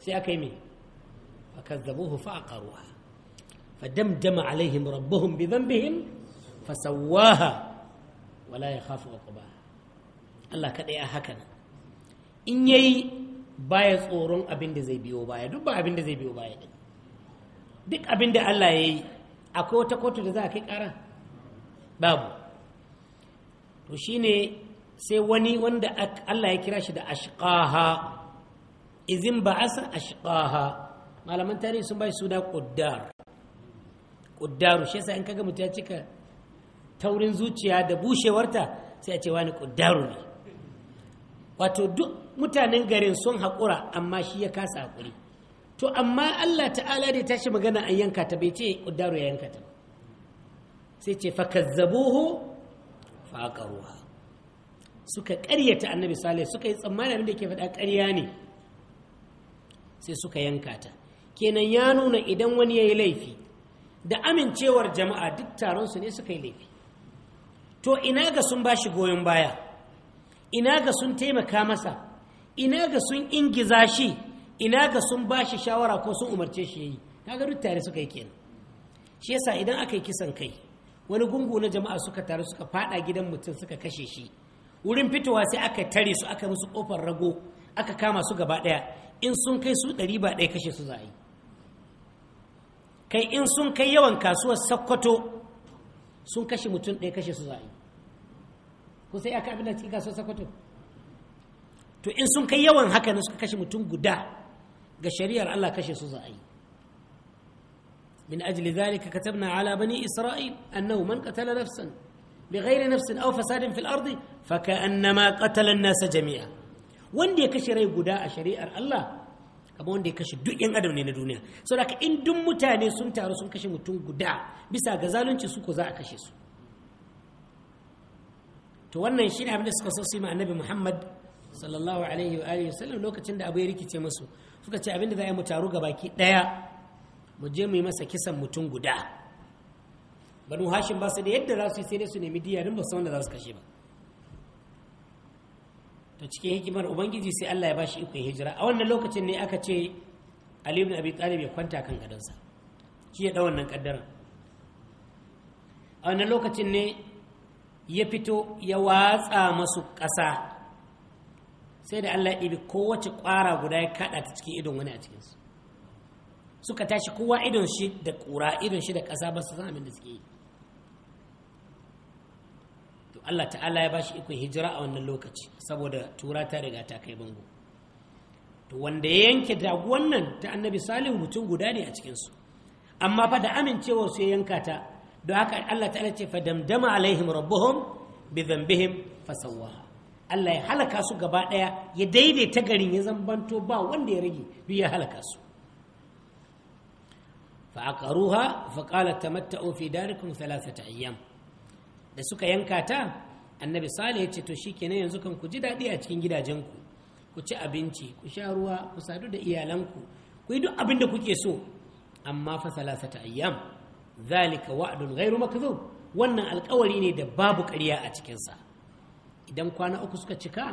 sai aka yi mai fakazzabuhu fa aqaruha fadamdama alaihim rabbuhum bi dhanbihim fasawaha wala ya yakhafu ba Allah kaɗai a haka nan in yayi baya tsoron abin da zai biyo baya duk ba abin da zai biyo baya din duk abin da Allah ya yi akwai wata kotu da za a kai ƙara? babu to shine sai wani wanda Allah ya kira shi da ashqaha izin ba san ashiƙaha malaman tarihi sun bai suna ƙuddar. Ƙuddar shi yasa in kaga mutum ya cika taurin zuciya da bushewarta sai a ce wani ƙuddar ne wato duk mutanen garin sun haƙura amma shi ya kasa haƙuri to amma Allah ta'ala da tashi magana an yanka ta bai ce ƙuddar ya yanka ta sai ce suka ƙaryata annabi salih suka yi tsammanin da ke faɗa ƙarya ne sai suka yanka ta kenan ya nuna idan wani ya yi laifi da amincewar jama'a duk taronsu ne suka yi laifi to ina ga sun ba shi goyon baya ina ga sun taimaka masa ina ga sun ingiza shi ina ga sun ba shi shawara ko sun umarce shi yi kaga duk tare suka yi kenan shi yasa idan aka yi kisan kai wani gungu na jama'a suka taru suka fada gidan mutum suka kashe shi wurin fitowa sai aka tare su aka musu kofar rago aka kama su gaba ɗaya. in sun kai su ɗari ba ɗaya kashe su za a yi kai in sun kai yawan kasuwar sakkwato sun kashe mutum ɗaya kashe su za a yi ko sai aka abin da cikin kasuwar sakkwato to in sun kai yawan haka ne suka kashe mutum guda ga shari'ar Allah kashe su za a yi من أجل ذلك كتبنا على بني إسرائيل أنه من قتل نفسا بغير نفس أو فساد في الأرض فكأنما قتل الناس جميعا wanda ya kashe rai guda a shari'ar Allah kamar wanda ya kashe duk yan adam ne na duniya saboda ka in duk mutane sun taru sun kashe mutum guda bisa ga zalunci su ko za a kashe su to wannan shi ne abin da suka so su yi annabi Muhammad sallallahu alaihi wa alihi wasallam lokacin da abu ya rikice masu suka ce abin da za a yi mu taru gabaki daya mu je mu yi masa kisan mutum guda banu hashim ba su da yadda za su yi sai dai su nemi diyarin ba su wanda za su kashe ba to cikin hikimar ubangiji sai Allah ya bashi ikon hijira a wannan lokacin ne aka ce Ali ibn Abi Talib ya kwanta kan gadonsa shi ya da wannan kaddara a wannan lokacin ne ya fito ya watsa masu ƙasa sai da Allah ya ɗibi kowace ƙwara guda ya kaɗa ta cikin idon wani a cikinsu suka tashi kowa idon shi da ƙura idon shi da ƙasa ba su san abin da suke yi to Allah ta'ala ya shi ikon hijira a wannan lokaci saboda tura ta riga ta kai bango to wanda ya yanke daguwan nan ta annabi salihu mutum guda ne a cikinsu amma fa da amincewar su ya yanka ta don haka Allah ta'ala ce fa damdama alaihim rabbuhum bi dhanbihim fasawaha Allah ya halaka su gaba ɗaya ya daidaita garin ya zambanto ba wanda ya rage duk ya halaka su fa fa qala تمتعوا fi darikum thalathata ayyam da suka yanka ta annabi salih ya ce to shi na yanzu kan ku ji daɗi a cikin gidajenku ku ci abinci ku sha ruwa ku sadu da iyalanku ku yi duk abin da kuke so amma fa salasata ayyam zalika wa'dun ghairu makdhub wannan alƙawari ne da babu ƙarya a cikin sa idan kwana uku suka cika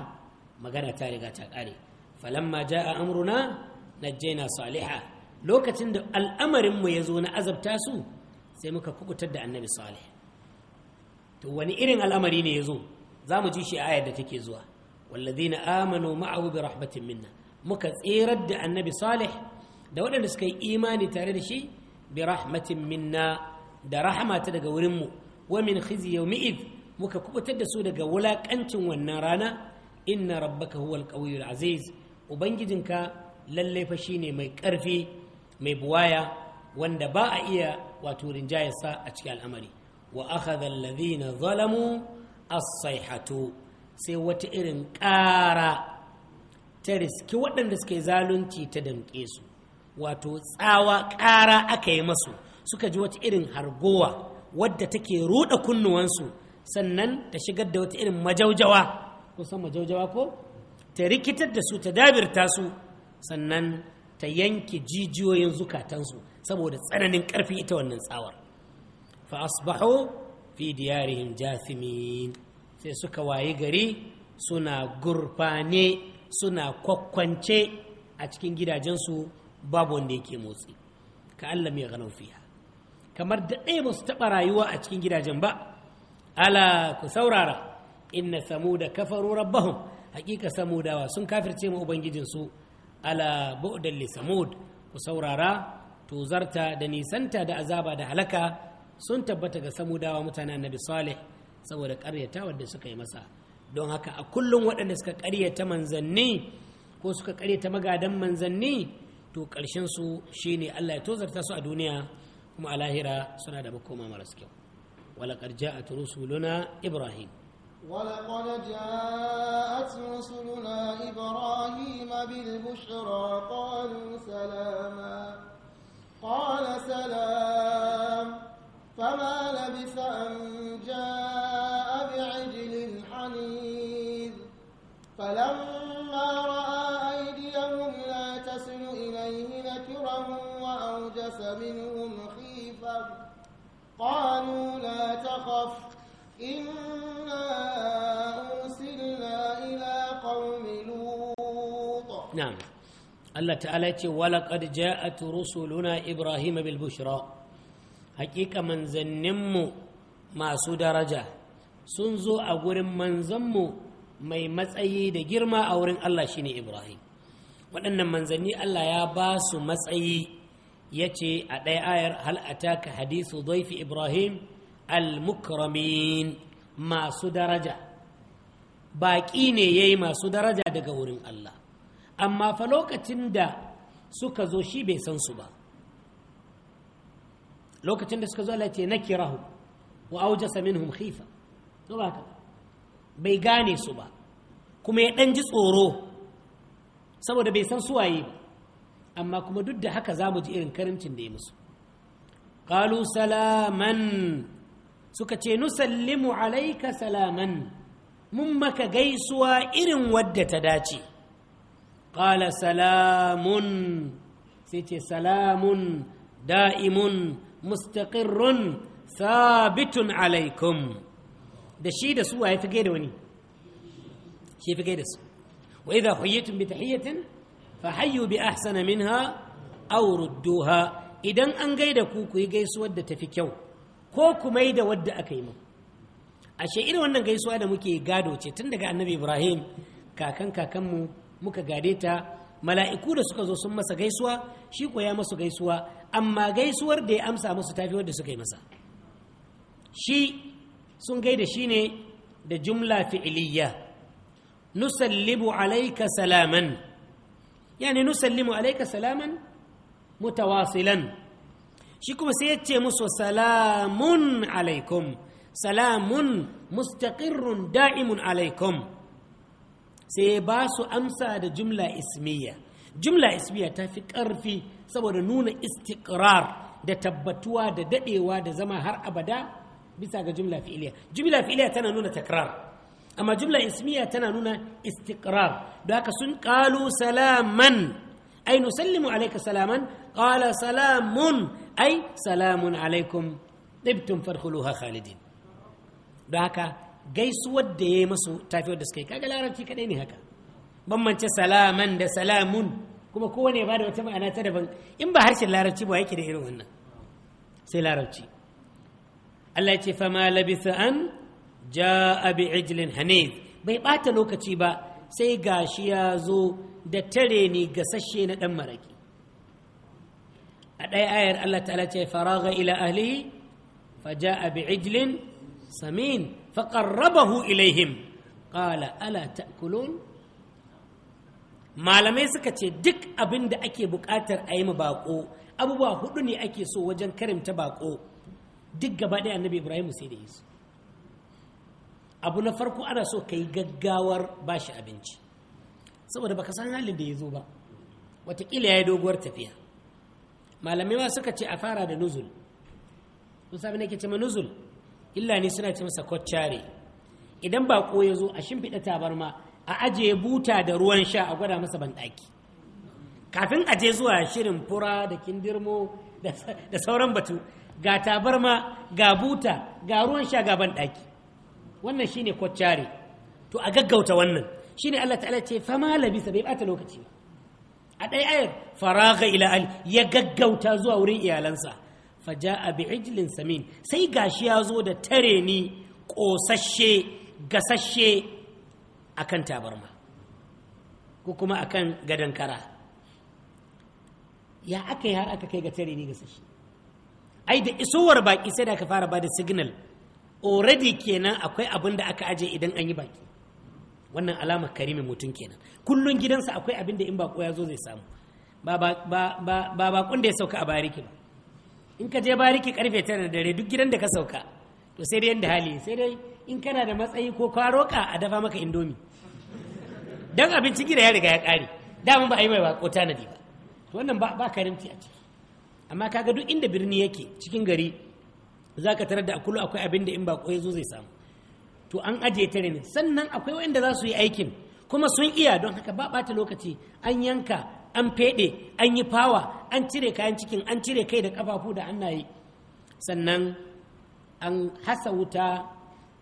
magana ta riga ta ƙare falamma ja'a amruna najjayna saliha lokacin da al'amarinmu ya zo na azabta su sai muka kukutar da annabi salih to wani irin al'amari ne ya zo za mu ji shi ayar da take zuwa wallazina amanu ma'ahu bi rahmatin minna muka tserar da annabi salih da waɗanda suka yi imani tare da shi bi rahmatin minna da rahama ta daga wurinmu wa min khizi yawmi'id muka kubutar da su daga wulakancin wannan rana inna rabbaka huwal qawiyul aziz ubangijinka lalle fa shine mai karfi mai buwaya wanda ba a iya wato rinjayarsa a cikin al'amari wa akhadha alladhina zalamu as-sayhatu sai wata irin ƙara ta riski waɗanda suke zalunci ta damƙe su wato tsawa ƙara aka yi masu suka ji wata irin hargowa wadda take ruɗa kunnuwansu sannan ta shigar da wata irin majaujawa kusan majaujawa ko ta rikitar da su ta dabirta su sannan ta yanke jijiyoyin zukatansu saboda tsananin ƙarfi ita wannan tsawar fa asbahu fi diyarihim sai suka wayi gari suna gurfane suna kwakwance a cikin gidajensu babu wanda yake motsi ka Allah mai ganau fiya kamar da ɗaya ba su taɓa rayuwa a cikin gidajen ba ala ku saurara inna samuda kafaru rabbahum hakika samudawa sun kafirce ma ubangijinsu ala bu'dan samud ku saurara zarta da nisanta da azaba da halaka sun tabbata ga samudawa mutane annabi salih saboda karyata wadda suka yi masa don haka a kullum waɗanda suka karyata manzanni ko suka karyata magadan manzanni to ƙarshen su ne Allah ya tozarta su a duniya kuma a lahira suna da makoma maras kyau walaƙar جاءت رسلنا إبراهيم ولقد جاءت رسلنا إبراهيم بالبشرى قالوا سلاما قال سلام فما لبث أن جاء بعجل حنيذ فلما رأى أيديهم لا تصل إليه نكرهم وأوجس منهم خيفة قالوا لا تخف إنا أرسلنا إلى قوم لوط نعم الله تعالى ولقد جاءت رسلنا إبراهيم بالبشرى hakika manzanninmu masu daraja sun zo a gurin manzanmu mai matsayi da girma a wurin Allah shine Ibrahim waɗannan manzanni Allah ya ba su matsayi ya ce a ɗaya ayar hal hadisu zaifi Ibrahim al-mukramin masu daraja baƙi ne ya yi masu daraja daga wurin Allah amma fa lokacin da suka zo shi bai san su ba lokacin da suka zo Allah ya ce kirahu, wa aujasa minhum khifa to ba bai gane su ba kuma ya dan ji tsoro saboda bai san suwaye ba amma kuma duk da haka za mu ji irin karimcin da ya musu qalu salaman suka ce nusallimu alaika salaman mun maka gaisuwa irin wadda ta dace qala salamun sai ce salamun da'imun mustaqirrun sabitun alaikum da shi da su ya fi da wani shi fi da su wa idha huyitum bi tahiyatin fa hayyu bi ahsana minha aw rudduha idan an gaida ku ku yi gaisuwar da tafi kyau ko ku mai da wadda aka yi mu ashe irin wannan gaisuwa da muke gado ce tun daga annabi ibrahim kakan kakanmu muka gade ta mala'iku da suka zo sun masa gaisuwa shi ko ya masu gaisuwa amma gaisuwar da ya amsa musu tafi wadda suka yi masa shi sun gaida shi ne da jumla fi'iliya nusallimu alaika salaman yani nusallimu alaika salaman mutawasilan shi kuma sai ya ce musu salamun alaikum salamun mustaqirrun da'imun alaikum sai ba su amsa da jumla ismiya jumla ismiya ta fi ƙarfi saboda nuna istiqrar da tabbatuwa da daɗewa da zama har abada bisa ga jumla fi'iliya jumla fi'iliya tana nuna takrar amma jumla ismiya tana nuna istiqrar da haka sun qalu salaman ay nusallimu alayka salaman qala salamun ay salamun alaikum tibtum fadkhuluha khalidin da haka gaisuwar da ya yi masu tafi da suka yi kaga larabci kadai ne haka bambance salaman da salamun kuma kowane ba da wata ma'ana ta daban in ba harshen larabci ba yake da irin wannan sai larabci Allah ya ce fama labisa an ja'a bi ijlin hanif bai bata lokaci ba sai gashi ya zo da tare ni gasashe na dan maraki a ɗaya ayar Allah ta'ala ce faraga ila ahlihi faja'a bi ijlin samin faƙarrabahu ilaihim ƙala ala ta'kulun malamai suka ce duk abin da ake buƙatar a yi ma baƙo abubuwa hudu ne ake so wajen karimta baƙo duk gaba ɗaya annabi ibrahim sai da yesu abu na farko ana so ka yi gaggawar ba shi abinci saboda baka san halin da ya zo ba Wataƙila ya yi doguwar tafiya malamai ma suka ce a fara da nuzul kun na nake ce ma nuzul illa ne suna ce masa kwacciyare idan bako ya zo a shimfiɗa tabarma a ajiye buta da ruwan sha a gwada masa banɗaki kafin a je zuwa shirin fura da kindirmo da sauran batu ga tabarma ga buta ga ruwan sha ga banɗaki wannan shine kwacciyare to a gaggauta wannan shine Allah ta'ala ce fama labisa bai bata lokaci ba a ɗaya ayar faraga ila ya gaggauta zuwa wurin iyalansa faja a bi'ijlin samin sai gashi ya zo da tare ni ƙosashe gasashe akan tabarma ko kuma akan gadon kara ya aka yi har aka kai ga tare ni gasashe ai da isowar baki sai da aka fara ba da signal already kenan akwai abin da aka aje idan an yi baki wannan alamar karimin mutum kenan kullum gidansa akwai abin da in bako ya zo zai samu ba ba da ya sauka a bariki ba in ka je bariki karfe tara da dare duk gidan da ka sauka to sai dai yanda hali sai dai in kana da matsayi ko ka roka a dafa maka indomi dan abinci gida ya riga ya ƙare dama ba a yi mai bako tanadi ba to wannan ba karimci a ciki amma kaga duk inda birni yake cikin gari za ka tarar da akulu akwai abin da in bako ya zo zai samu to an aje ta ne sannan akwai wanda za su yi aikin kuma sun iya don haka ba ɓata lokaci an yanka an feɗe an yi fawa an cire kayan cikin an cire kai da ƙafafu da annaye sannan an hasa wuta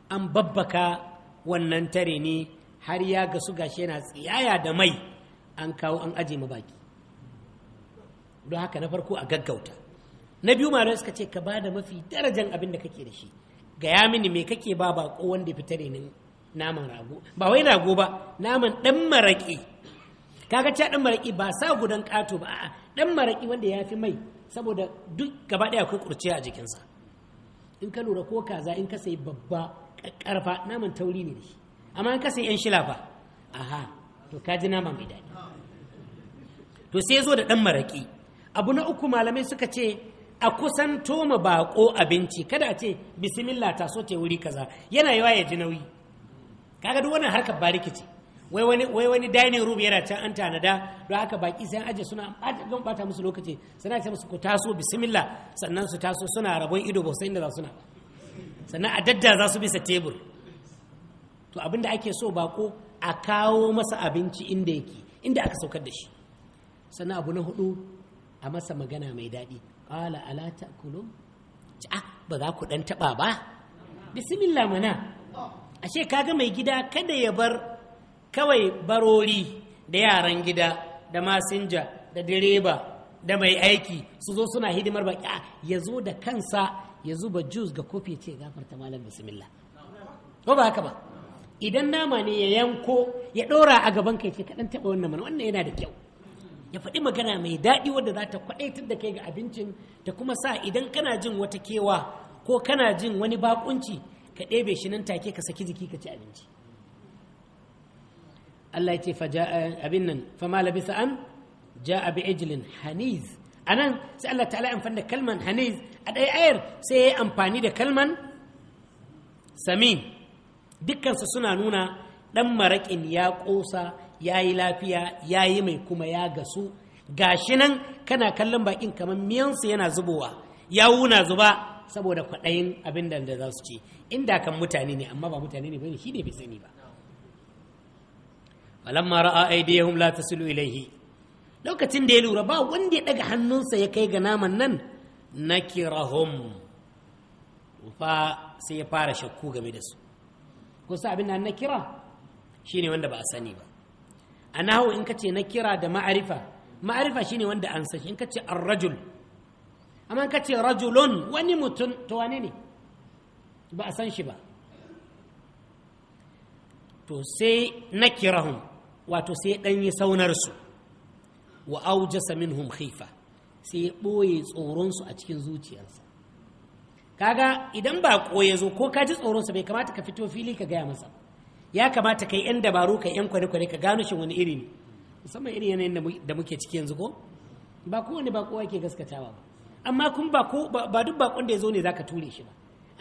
an babbaka wannan tare ne har ya ga su gashi yana tsiyaya da mai an kawo an aje mu baki don haka na farko a gaggauta na biyu ma suka ce ka ba da mafi darajan abin da kake da shi gaya mini me kake ba bako wanda fitare ne naman rago ba wai rago ba naman dan maraƙe. kaga cewa dan maraki ba sa gudan kato ba a'a dan maraki wanda ya fi mai saboda duk gaba daya akwai kurciya a jikinsa in ka lura ko kaza in ka sayi babba karfa naman tauri ne dashi amma in ka sai yan shilafa aha to ka ji nama mai daɗi to sai zo da dan maraki abu na uku malamai suka ce a kusan toma bako abinci kada a ce bismillah ta so te wuri kaza yana yawa ya ji nauyi kaga duk wannan harkar barikici. wai wani dining room yana can an tanada don haka baki sai aje suna don bata musu lokaci suna ce musu ku taso bismillah sannan su taso suna rabon ido ba sai inda za suna sannan a dadda za su bisa tebur to abinda ake so bako a kawo masa abinci inda yake inda aka saukar da shi sannan abu na hudu a masa magana mai daɗi ƙala ala ta'kulu ah ba za ku dan taba ba bismillah mana ashe kaga mai gida kada ya bar kawai barori da yaran gida da masinja da direba da mai aiki su zo suna hidimar baki ah, ya zo da kansa ya zuba jus ga kofi ce gafarta malam bismillah ko ba haka ba idan nama ne ya yanko ya ɗora a gaban kai ce kaɗan taɓa wannan mana wannan yana da kyau ya faɗi magana mai daɗi wadda za ta kwaɗaitar da kai ga abincin ta kuma sa idan kana jin wata kewa ko kana jin wani baƙunci ka ɗebe shi nan take ka saki jiki ka ci abinci Allah ya ce abin nan fama labisa an ja'a bi ijlin haniz anan sai Allah ta'ala amfani da kalman haniz a ɗaya ayar sai ya amfani da kalman samin dukkansu suna nuna ɗan maraƙin ya ƙosa ya yi lafiya ya yi mai kuma ya gasu gashi nan kana kallon bakin kamar su yana zubowa Ya wuna zuba saboda kwaɗayin abin da za su ci inda kan mutane ne amma ba mutane ne bane shi ne bai sani ba falamma ra'a aydihum la tasilu ilayhi lokacin da ya lura ba wanda ya daga hannunsa ya kai ga naman nan nakirahum fa sai ya fara shakku game da su sa abin da nakira shine wanda ba a sani ba a in kace nakira da ma'arifa ma'arifa shine wanda an san in kace ar-rajul amma in kace rajulun wani mutum to wane ne ba a san shi ba to sai nakirahum wato sai ɗan yi saunarsu wa aujasa minhum khifa sai ya ɓoye tsoronsu a cikin zuciyarsa kaga idan ba ya zo ko ka ji tsoronsa bai kamata ka fito fili ka gaya masa ya kamata ka yi 'yan dabaru ka 'yan kwane-kwane ka gano shi wani iri ne musamman irin yanayin da muke ciki yanzu ko ba kowane ba kowa ke gaskatawa ba amma kun ba ba duk bakon da ya zo ne zaka ture shi ba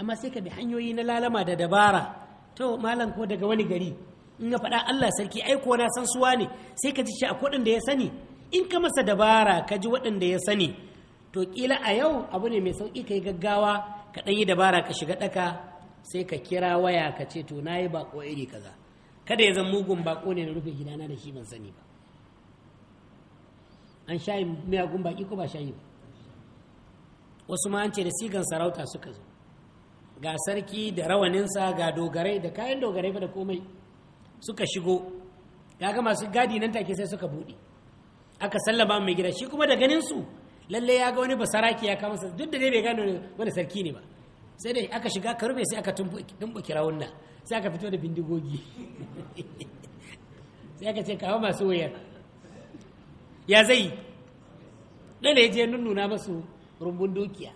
amma sai ka bi hanyoyi na lalama da dabara to malam ko daga wani gari in ya faɗa Allah sarki aiko na san suwa ne sai ka ji shi a kuɗin da ya sani in ka masa dabara ka ji waɗanda ya sani to ƙila a yau abu ne mai sauƙi ka yi gaggawa ka ɗan yi dabara ka shiga ɗaka sai ka kira waya ka ce to na yi baƙo iri kaza kada ya zan mugun baƙo ne na rufe gidana da shi ban sani ba an shayi miyagun baƙi ko ba shayi ba wasu ma an ce da sigan sarauta suka zo ga sarki da rawaninsa ga dogarai da kayan dogarai ba da komai suka shigo kaga masu gadi nan take sai suka buɗe aka sallama mai gida shi kuma da ganin su lalle ya ga wani basaraki ya kama duk da dai bai gano wani sarki ne ba sai dai aka shiga ka rufe sai aka tumbo kirawun nan sai aka fito da bindigogi sai aka ce kawo masu wayar ya zai dole ya je nunnuna masu rumbun dukiya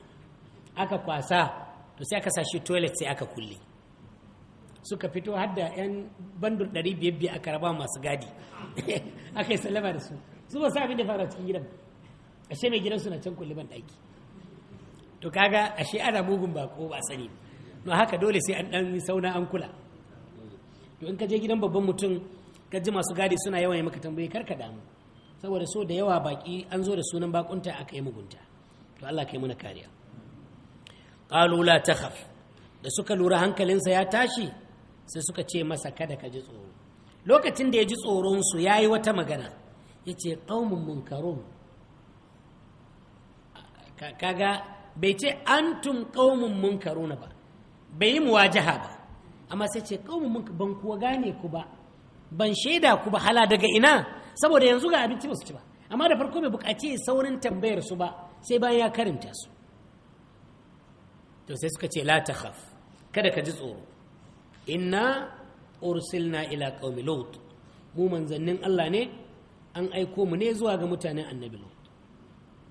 aka kwasa to sai aka sashi toilet sai aka kulle suka fito har da 'yan bandul ɗari biyar biyar aka masu gadi aka yi salama da su su ba sa abin da fara cikin gidan ashe mai gidan suna can kulli ban ɗaki to kaga ashe ana mugun bako ba sani no haka dole sai an dan sauna an kula to in ka je gidan babban mutum ka ji masu gadi suna yawan yi maka tambaye kar ka damu saboda so da yawa baki an zo da sunan bakunta aka yi mugunta to Allah kai muna kariya qalu la takhaf da suka lura hankalinsa ya tashi sai suka ce masa kada ka ji tsoro lokacin da ya ji tsoronsu ya yi wata magana ya ce ƙaumin munkarun kaga bai ce antum ƙaumin munkaruna ba bai yi jiha ba amma sai ce ƙaumin munkar ban kuwa gane ku ba ban shaida ku ba hala daga ina saboda yanzu ga abinci basu ci ba amma da farko bai buƙaci saurin tambayar su ba sai bayan ya karanta su to sai suka ce la ta kada ka ji tsoro inna ursilna ila qaumi lut mu manzannin Allah ne an aiko mu ne zuwa ga mutanen annabi lut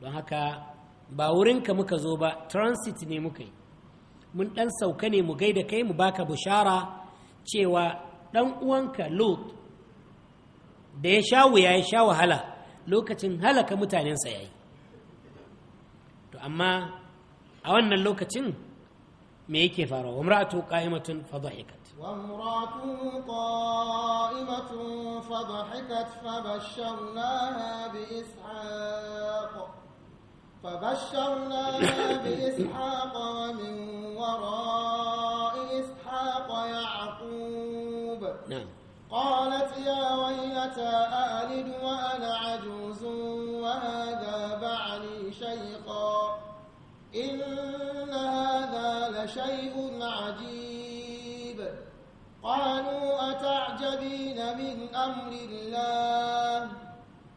don haka ba wurinka muka zo ba transit ne muka yi mun dan sauka ne mu gaida kai mu baka bushara cewa dan uwanka lut da ya sha wuya ya sha wahala lokacin halaka mutanensa ya yi to amma a wannan lokacin me yake faruwa umratu qa'imatun fa وامراته قائمة فضحكت فبشرناها بإسحاق فبشرناها بإسحاق ومن وراء إسحاق يعقوب نعم قالت يا ويلتى ألد وأنا أمر الله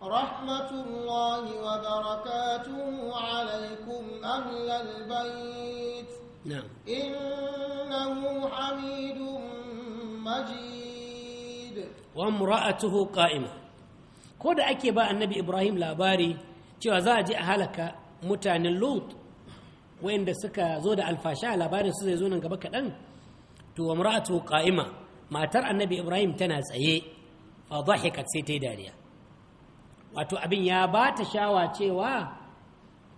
رحمة الله وبركاته عليكم أهل البيت نعم إنه حميد مجيد وامرأته قائمة كود النبي إبراهيم لاباري cewa za a je a halaka mutanen lut wayanda suka zo da alfasha labarin su zai zo nan gaba kaɗan to wa mura'atu qa'ima matar annabi ibrahim tana tsaye fa dhahikat sai ta yi dariya wato abin ya ba ta shawa cewa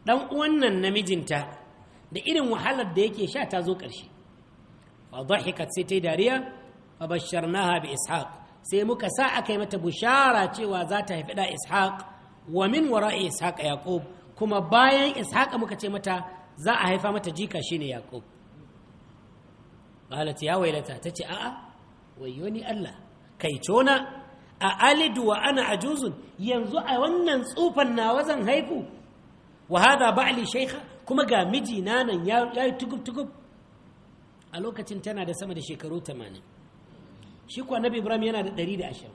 dan uwan nan namijinta da irin wahalar da yake sha ta zo ƙarshe fa dhahikat sai ta yi dariya fa basharnaha bi ishaq sai muka sa aka yi mata bushara cewa za ta haifi da ishaq wa min wara'i ishaq yaqub kuma bayan ishaq muka ce mata za a haifa mata jika shine yaqub qalat ya wailata tace a'a wayo ni Allah kai cona a alidu wa ana ajuzun yanzu a wannan tsufan na wazan haifu wa hada ba'li shaykha kuma ga miji nan ya yi tukub-tukub a lokacin tana da sama da shekaru 80 shi kuwa nabi ibrahim yana da 120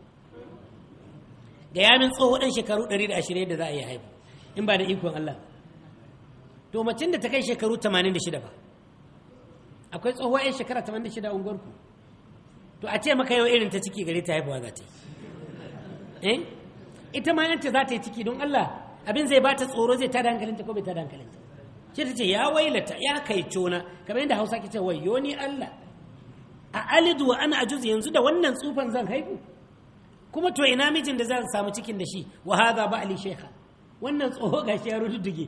ga yamin tsohu dan shekaru 120 yadda za a yi haifu in ba da ikon Allah to macin da ta kai shekaru 86 ba akwai tsohuwa yan shekara 86 a unguwarku to a ce maka yau irin ta ciki gari ta haifuwa za ta yi Eh? ita ma yanta za ta yi ciki don Allah abin zai bata tsoro zai ta dankalinta ko bai ta dankalinta shi ta ce ya wailata ya kai cona kamar yadda Hausa ke ce wayyo ni Allah a alidu wa ana ajuz yanzu da wannan tsufan zan haihu kuma to ina mijin da zan samu cikin da shi wa hadha ba ali shaykha wannan tsoho shi ya rududduge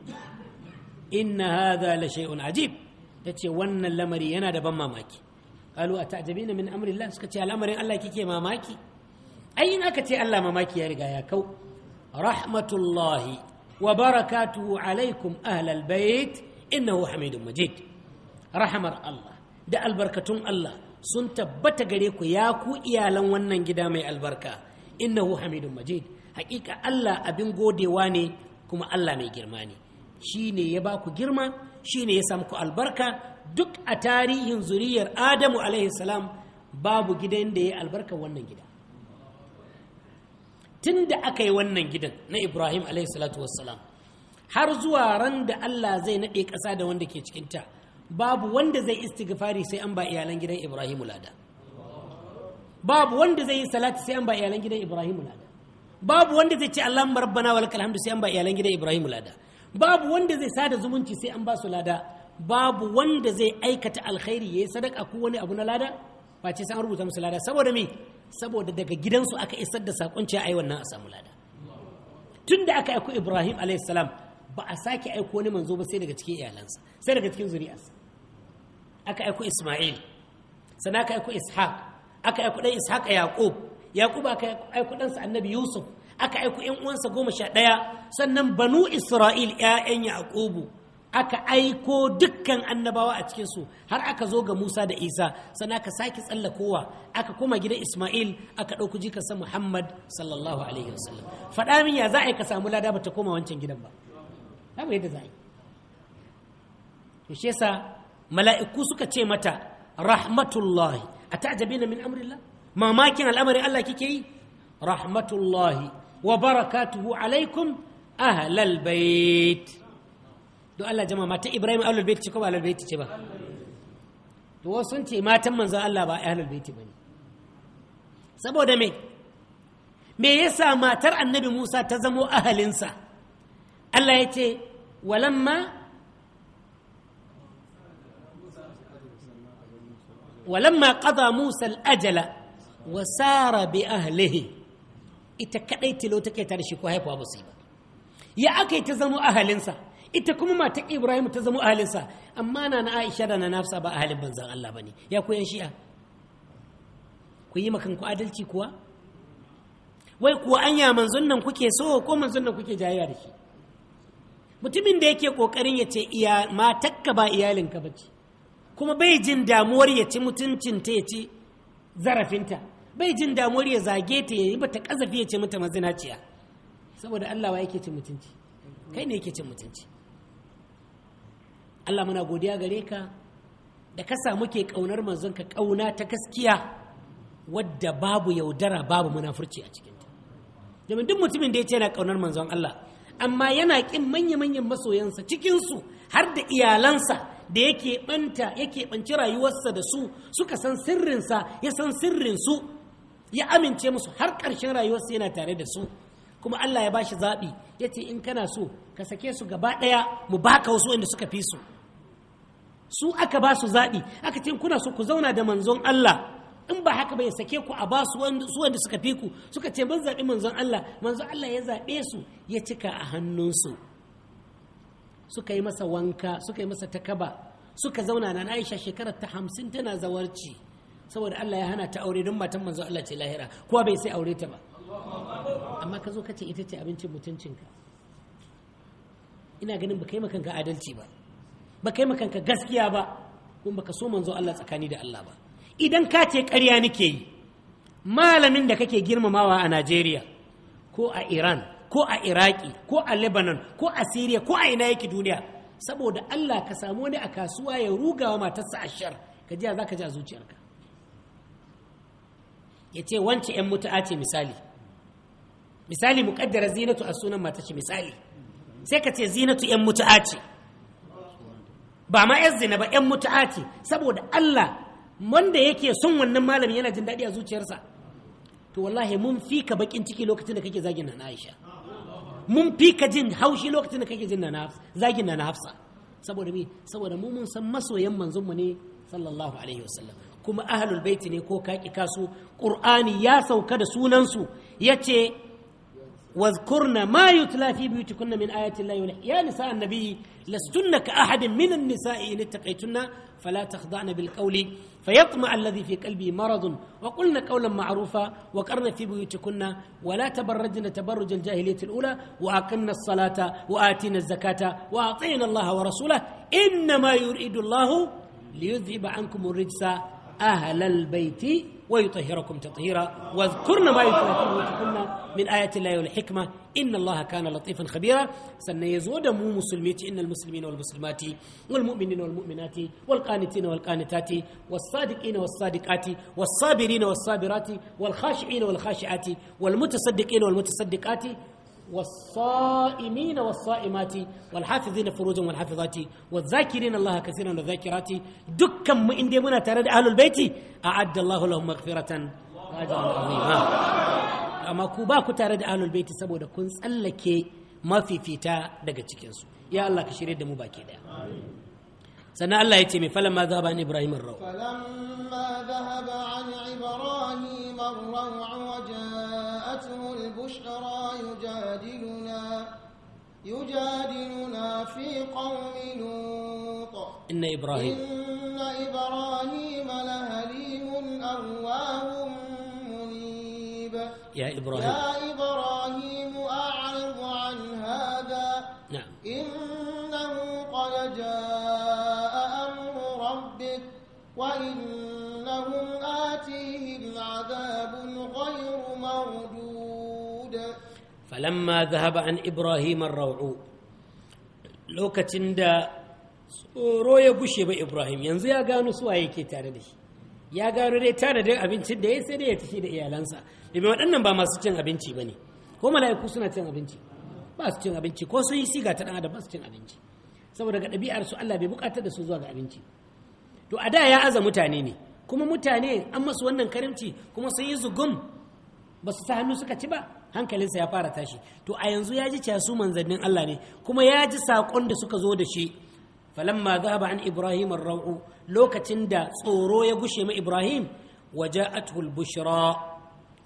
inna hadha la shay'un ajib tace wannan lamari yana da ban mamaki qalu atajabina min amri Allah suka ce al'amarin Allah kike mamaki Aina aka ce Allah mamaki ya riga ya kau rahmatullahi wa barakatuhu alaikum ahlal bait innahu hamidun majid rahamar Allah da albarkatun Allah sun tabbata gare ku ya ku iyalan wannan gida mai albarka innahu hamidun majid hakika Allah abin godewa ne kuma Allah mai girma ne shine ya ba ku girma shine ya samku albarka duk a tarihin zuriyar Adamu alaihi salam babu gidan da ya albarka wannan gida tun da aka yi wannan gidan na ibrahim salatu wassalam har zuwa ran da allah zai naɗe ƙasa da wanda ke cikinta babu wanda zai istighfari sai an ba iyalan gidan ibrahim lada babu wanda zai yi salati sai an ba iyalan gidan ibrahim lada babu wanda zai ce allah rabbana wa lakal hamdu sai an ba iyalan gidan ibrahim lada babu wanda zai sada zumunci sai an ba su lada babu wanda zai aikata alkhairi yi sadaka ko wani abu na lada ce sai an rubuta musu lada saboda me saboda daga gidansu aka isar da sakon cewa ai wannan a samu lada tun da aka aiko ibrahim Salam, ba a sake aiko wani manzo ba sai daga cikin iyalansa sai daga cikin zuri'arsa aka aiko isma'il sannan aka aiko ishaq aka aiko dan ishaq a yaqub yaqub aka aiko ɗansa annabi yusuf aka aiko ƴan uwansa goma sha ɗaya sannan banu isra'il ƴaƴan yaqubu aka aiko dukkan annabawa a cikinsu har aka zo ga Musa da Isa sannan aka sake tsallakowa aka koma gidan Ismail aka ɗauku jikarsa Muhammad sallallahu alaihi wasallam faɗa min ya za a yi ka samu lada ba ta koma wancan gidan ba babu yadda za a yi to mala'iku suka ce mata rahmatullahi ta'ajabina min amrillah mamakin al'amarin Allah kike yi rahmatullahi wa barakatuhu alaikum ahlal bait don Allah jama mata Ibrahim ahlul bait ce ko ba ahlul bait ce ba to wasu sun ce matan manzon Allah ba ahlul bait bane saboda me me yasa matar annabi Musa ta zamo ahalinsa Allah ya ce walamma Walamma Musa al-ajala wa Sara bi ahlihi, ita kadai tilo take tare shi ko haifuwa ba su yi ba ya aka yi ta zamo ahalinsa ita kuma matar ibrahim ta zama ahalinsa amma na na aisha da na nafsa ba ahalin banzan allah ba ne ya koyan shi'a ku yi makan ku adalci kuwa wai kuwa anya manzon nan kuke so ko manzon nan kuke jayayya da shi mutumin da yake kokarin ya ce iya matakka ba iyalinka ba ce kuma bai jin damuwar ya ci mutuncinta ya ci zarafinta bai jin damuwar ya zage ta ya yi bata kazafi ya ce mata mazinaciya saboda allah wa yake cin mutunci kai ne yake cin mutunci Allah muna godiya gare ka da ka samu ke ƙaunar manzonka ƙauna ta gaskiya wadda babu yaudara babu munafurci a cikinta domin duk mutumin da ya ce yana ƙaunar manzon Allah amma yana ƙin manya-manyan masoyansa cikinsu har da iyalansa da yake ɓanta yake ɓanci rayuwarsa da su suka san sirrinsa ya san sirrinsu ya amince musu har ƙarshen rayuwarsa yana tare da su kuma Allah ya ba shi zaɓi ya ce in kana so ka sake su gaba ɗaya mu baka wasu inda suka fi su su aka ba su zaɓi aka ce kuna so ku zauna da manzon Allah in ba haka bai sake ku a ba su wanda suka fi ku suka ce ban zaɓi manzon Allah manzon Allah ya zaɓe su ya cika a hannunsu suka yi masa wanka suka yi masa takaba suka zauna na Aisha shekarar ta hamsin tana zawarci saboda Allah ya hana ta aure don matan manzon Allah ce lahira kowa bai sai aure ta ba amma ka zo ka ce ita ce abincin mutuncinka ina ganin ba kai makanka adalci ba ba kai makanka gaskiya ba kuma baka so manzo Allah tsakani da Allah ba idan ka ce ƙarya nake yi malamin da kake girmamawa a Najeriya ko a Iran ko a Iraki ko a Lebanon ko a Syria ko a ina yake duniya saboda Allah ka samu wani a kasuwa ya rugawa matarsa ashar ka ji za ka ji a zuciyarka ya ce wance 'yan mutu'a ce misali misali muƙaddara zinatu a sunan mata misali sai ka ce zinatu 'yan mutu'a ce ba ma yan zina ba yan mutu'a ce saboda Allah wanda yake son wannan malamin yana jin daɗi a zuciyarsa to wallahi mun fi ka bakin ciki lokacin da kake zagin na Aisha mun fi ka jin haushi lokacin da kake jin na zagin na Hafsa saboda me saboda mu mun san masoyan manzon mu ne sallallahu alaihi wasallam kuma ahlul baiti ne ko kaki kasu qur'ani ya sauka da sunan su yace واذكرن ما يتلى في بيوتكن من آيات الله والحكمة يا نساء النبي لستن كأحد من النساء إن اتقيتن فلا تخضعن بالقول فيطمع الذي في قلبه مرض وقلن قولا معروفا وقرن في بيوتكن ولا تبرجن تبرج الجاهلية الأولى وأقمن الصلاة وآتينا الزكاة وأعطينا الله ورسوله إنما يريد الله ليذهب عنكم الرجس أهل البيت ويطهركم تطهيرا واذكرن ما يطهركن من آيات الله والحكمة إن الله كان لطيفا خبيرا سنة يزود مو مسلميتي إن المسلمين والمسلمات والمؤمنين والمؤمنات والقانتين والقانتات والصادقين والصادقات والصابرين والصابرات والخاشعين والخاشعات والمتصدقين والمتصدقات والصائمين والصائمات والحافظين فروجهم والحافظات والذاكرين الله كثيرا والذاكرات دكا من دي منا ترى أهل البيت أعد الله لهم مغفرة وأجرا عظيما أما كوبا كتارد أهل البيت سبو دا كنس ألكي ما في فيتا دقا تشكنسو يا الله كشريد مباكي دا آمين. سنة الله يتيمي فلما ذهب عن إبراهيم الروع فلما ذهب عن إبراهيم الروع وجاءته البشرى يجادلنا يجادلنا في قوم لوط إن إبراهيم إن إبراهيم لهليم أواه منيب يا إبراهيم يا إبراهيم falamma zahaba an ibrahim ar-raw'u lokacin da tsoro ya gushe ba ibrahim yanzu ya gano suwa yake tare da shi ya gano dai tare da abincin da ya sai da ya tafi da iyalansa domin waɗannan ba masu cin abinci ba ne ko mala'iku suna cin abinci ba su cin abinci ko sun yi siga ta adam ba su cin abinci saboda ga ɗabi'ar su Allah bai buƙatar da su zuwa ga abinci to a da ya aza mutane ne kuma mutane an masu wannan karimci kuma sun yi zugum ba su sa hannu suka ci ba hankalinsa ya fara tashi to a yanzu ya ji cewa su manzannin Allah ne kuma ya ji saƙon da suka zo da shi falamma zahaba an ibrahim ar-rau'u lokacin da tsoro ya gushe ma ibrahim waje bushra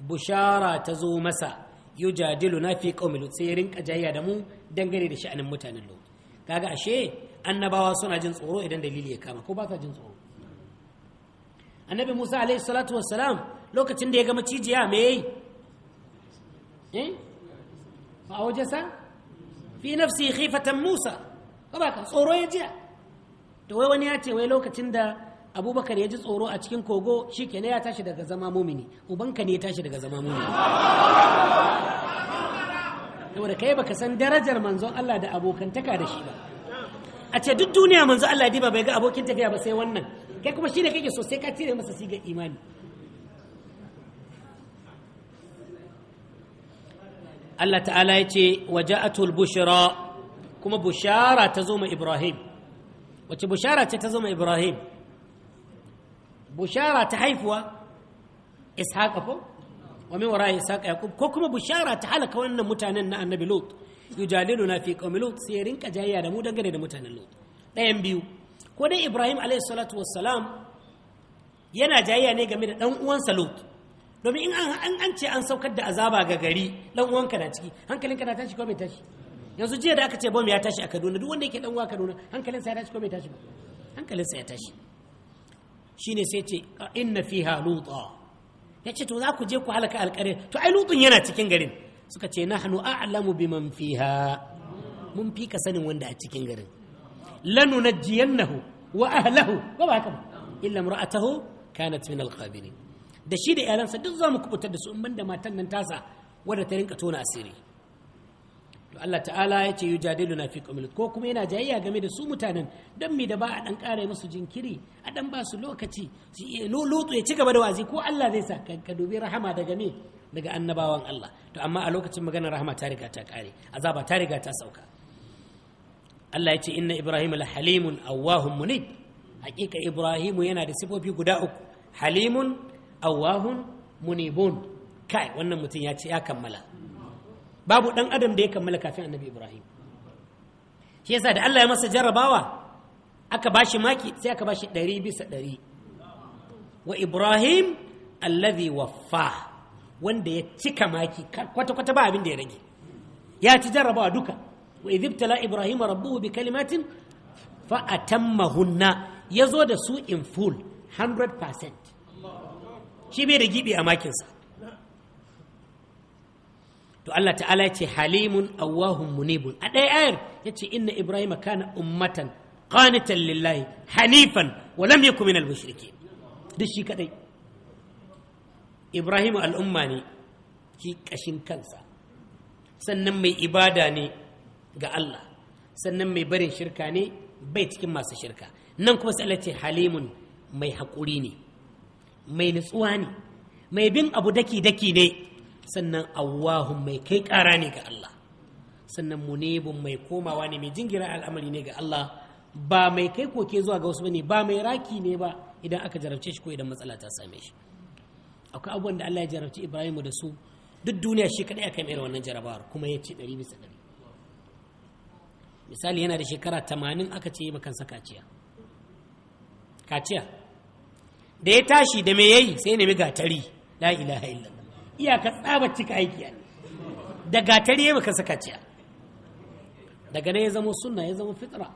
bushara ta zo masa yujadiluna fi qaumi lut sai rinka jayya da mu dangane da sha'anin mutanen lut kaga ashe annabawa suna jin tsoro idan dalili ya kama ko ba sa jin tsoro annabi musa alaihi salatu wassalam lokacin da ya ga macijiya me yayi eh fa awjasa fi nafsi khifatan Musa ko baka tsoro ya jiya to wai wani ya ce wai lokacin da Abubakar ya ji tsoro a cikin kogo ne ya tashi daga zama mumini ubanka ne ya tashi daga zama mumini saboda kai baka san darajar manzon Allah da abokantaka da shi ba a ce duk duniya manzon Allah diba bai ga abokin tafiya ba sai wannan kai kuma shine da kake so sai ka cire masa sigar imani Allah ta'ala ya ce waja'atul bushra kuma bushara ta zo ma Ibrahim wace bushara ce ta zo ma Ibrahim bushara ta haifuwa Ishaqa ko wa min wara Ishaqa Yaqub ko kuma bushara ta halaka wannan mutanen na Annabi Lut yujadiluna fi qaumi Lut sai rinka jayya da mu dangane da mutanen Lut ɗayan biyu ko dai Ibrahim alayhi salatu wassalam yana jayya ne game da dan uwansa Lut domin in an an ce an saukar da azaba ga gari dan uwanka na ciki hankalinka na tashi ko bai tashi yanzu jiya da aka ce bom ya tashi a Kaduna duk wanda yake dan uwa Kaduna hankalinsa ya tashi ko bai tashi ba hankalinsa ya tashi shine sai ce ah, inna fiha luta yace to za ku je ku halaka alƙarin to ai lutun yana cikin garin suka ce nahnu a'lamu biman fiha mun fi ka sanin wanda a cikin garin lanu najiyannahu wa ahlahu ba ba haka ba illa imra'atahu kanat min alqabilin da shi da iyalansa duk za mu kubutar da su in banda matan nan tasa wadda ta rinka tona asiri to Allah ta'ala ya ce yujadilu na fi qamil ko kuma yana jayayya game da su mutanen dan mi da ba a dan kare musu jinkiri a dan ba su lokaci su lutsu ya ci gaba da wazi ko Allah zai sa ka dubi rahama daga me daga annabawan Allah to amma a lokacin maganar rahama ta riga ta kare azaba ta riga ta sauka Allah ya ce inna Ibrahim la halimun awwahum munib hakika Ibrahimu yana da sifofi guda uku halimun awahun munibun kai wannan mutum ya ce ya kammala babu dan adam da ya kammala kafin annabi ibrahim shi yasa da Allah ya masa jarrabawa aka bashi maki sai aka bashi ɗari bisa ɗari wa ibrahim allazi waffa wanda ya cika maki kwata kwata ba abin da ya rage ya ci jarrabawa duka wa idibtala ibrahim rabbuhu bi kalimatin fa atammahunna zo da su in full 100% shi bai da gibi a makinsa to Allah ta'ala ce halimun awahun munibun a ɗaya ayar ya ce inna ibrahim kana ummatan qanitan lillahi hanifan wa lam yakun minal mushriki duk shi kadai ibrahim al'umma ne ki kashin kansa sannan mai ibada ne ga Allah sannan mai barin shirka ne bai cikin masu shirka nan kuma sai Allah ce halimun mai haƙuri ne mai nutsuwa ne mai bin abu daki-daki ne sannan awahun mai kai kara ne ga Allah sannan munibun mai komawa ne mai jingira al'amari ne ga Allah ba mai kai koke zuwa ga wasu ne, ba mai raki ne ba idan aka jarabce shi ko idan matsala ta same shi akwai abubuwan da Allah ya jarabci Ibrahimu da su duk duniya shi kadai akan irin wannan jarabawar kuma ya ce ɗari bisa ɗari misali yana da shekara tamanin aka ce yi kansa kaciya kaciya da ya tashi da me yayi sai nemi gatari la ilaha illallah iyaka tsaba cika aiki da gatari yayi maka saka ciya daga na ya zama sunna ya zama fitra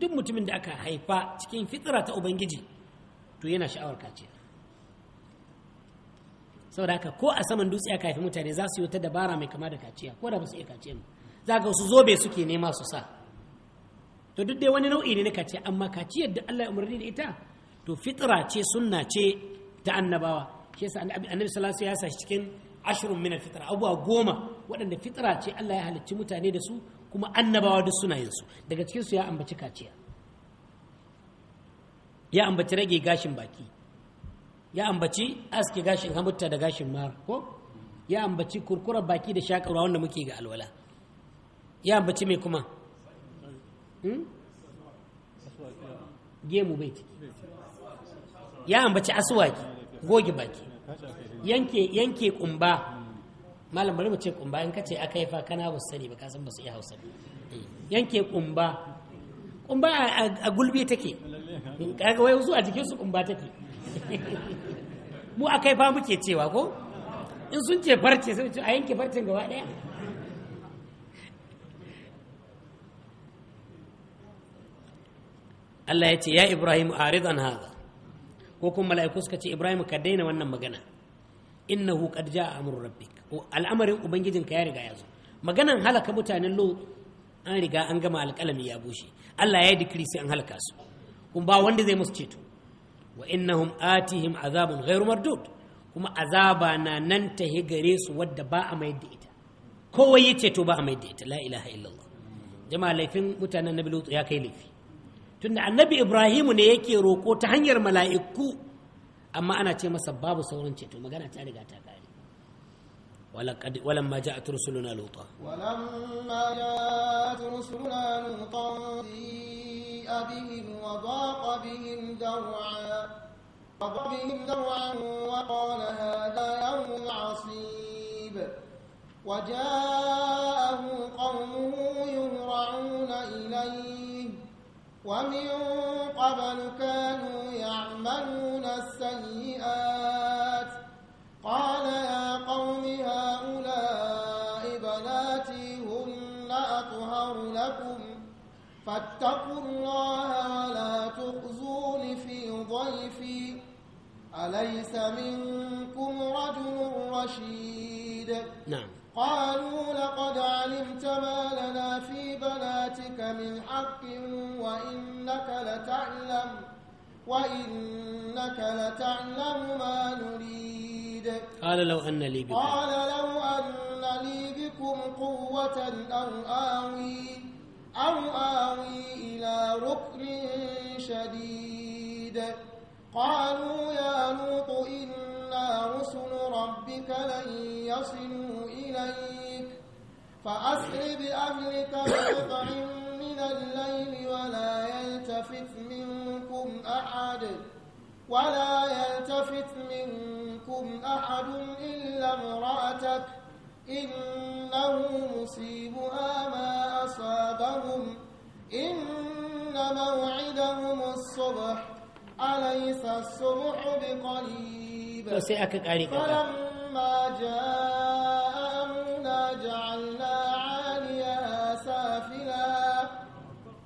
duk mutumin da aka haifa cikin fitra ta ubangiji to yana sha'awar kaciya saboda haka ko a saman dutse aka haifi mutane za su yi wata dabara mai kama da kaciya ko da ba su iya kaciya ba za ka su zobe suke nema su sa to duk dai wani nau'i ne na kaciya amma kaciyar da Allah ya umarni da ita to fitra ce sunna ce ta annabawa shi yasa annabi sallallahu alaihi wasallam ya sa cikin ashrun min alfitra abuwa goma waɗanda fitra ce Allah ya halicci mutane da su kuma annabawa duk suna yin su daga cikin su ya ambaci kaciya ya ambaci rage gashin baki ya ambaci aske gashin hamutta da gashin mara ko ya ambaci kurkurar baki da shakarwa wanda muke ga alwala ya ambaci mai kuma hmm? gemu bai ciki ya ambaci asuwaki goge baki yanke yanke kumba malam bari mu ce kumba in kace aka fa kana ba sani ba ka san ba su iya Hausa eh, yanke kumba kumba a gulbi take kaga wai zuwa a jikin su kumba take mu akai fa muke cewa ko in sun ce farce sai ce a yanke farcen gaba daya Allah ya ce ya Ibrahim aridan hada ko kuma mala'iku suka ce ibrahim ka daina wannan magana innahu qad jaa amru rabbik al'amarin ka ya riga ya zo maganan halaka mutanen lo an riga an gama alƙalami ya bushe Allah ya dikiri sai an halaka su kuma ba wanda zai musu ceto wa innahum atihim azabun ghairu mardud kuma azaba na nan ta gare su wadda ba a mai da ita kowai ya ceto ba a mai da ita la ilaha illallah jama'a laifin mutanen nabi lutu ya kai laifi tunda annabi ibrahimu ne yake roko ta hanyar mala'iku amma ana ce masa babu sauran ceto magana ta riga ta kare ولقد ولما جاءت رسلنا لوطا ولما جاءت رسلنا لوطا سيء بهم وضاق بهم ذرعا وضاق بهم ذرعا وقال هذا يوم عصيب وجاءه قومه يهرعون إليه ومن قبل كانوا يعملون السيئات قال يا قوم هؤلاء بناتي هن أطهر لكم فاتقوا الله ولا تخزون في ضيفي أليس منكم رجل رشيد نعم قالوا لقد علمت ما لنا في بناتك من حق وإنك لتعلم وإنك لتعلم ما نريد قال لو أن لي بكم قال لو أن لي بكم قوة أو آوي أو آوي إلى ركن شديد قالوا يا لوط إنا رسل ربك لن يصلوا إليك فأسر بأهلك بقطع من الليل ولا يلتفت منكم أحد ولا يلتفت منكم أحد إلا امرأتك إنه مصيبها ما أصابهم إن موعدهم الصبح أليس الصبح بقريب فلما جاء أمرنا جعلنا عاليها سافلا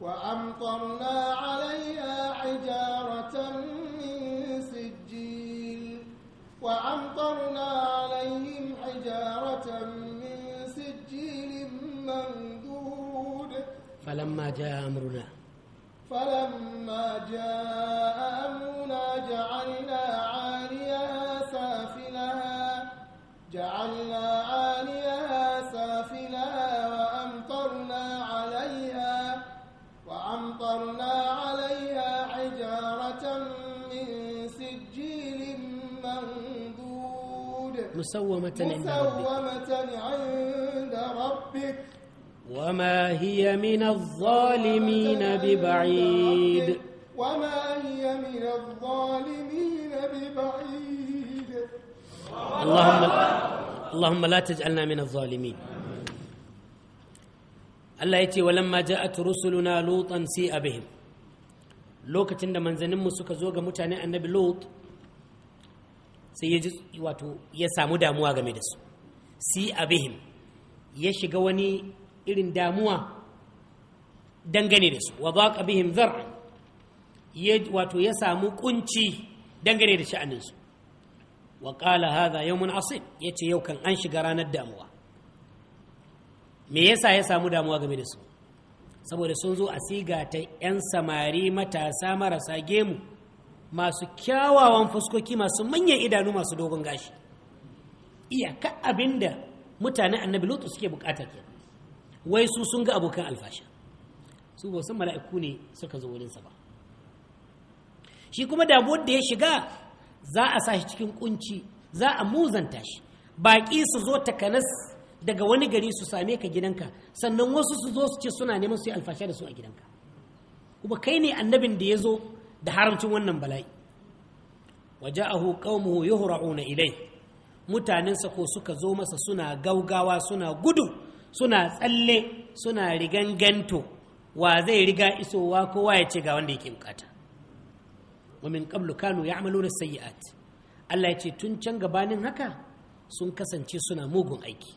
وأمطرنا عليها حجارة من سجيل وأمطرنا عليهم حجارة من سجيل ممدود فلما جاء أمرنا فلما جاء مسومة عند ربك, عند ربك وما هي من الظالمين ببعيد وما هي من الظالمين ببعيد اللهم اللهم لا تجعلنا من الظالمين Allah ya ce walamma ja'at rusuluna lutan si'a bihim lokacin da manzanninmu suka zo ga mutane annabi lut sai ya ji wato ya samu damuwa game da su si abihim ya shiga wani irin damuwa dangane da su wa baqa bihim ya wato ya samu kunci dangane da sha'anin su wa qala hadha yawmun asib yace yau kan an shiga ranar damuwa me yasa ya samu damuwa game da su saboda sun zo a siga ta 'yan samari matasa marasa gemu masu kyawawan fuskoki masu manyan idanu masu dogon gashi iyaka abinda mutane annabi lutu suke bukata ke wai su sun ga abokan alfasha su ba sun mala'iku ne suka zo wurinsa ba shi kuma damuwar da ya shiga za a sa shi cikin kunci za a muzanta shi baƙi su zo takanas daga wani gari su same ka gidanka sannan wasu su zo su ce suna neman su yi alfasha da su a gidanka kuma kai ne annabin da ya zo da haramcin wannan bala'i waja'ahu qaumuhu yuhra'una ilai mutanensa ko suka zo masa suna gaugawa suna gudu suna tsalle suna riganganto wa zai riga isowa kowa ya ce ga wanda yake bukata wa min qablu kanu ya'maluna sayyi'at Allah ya ce tun can gabanin haka sun kasance suna mugun aiki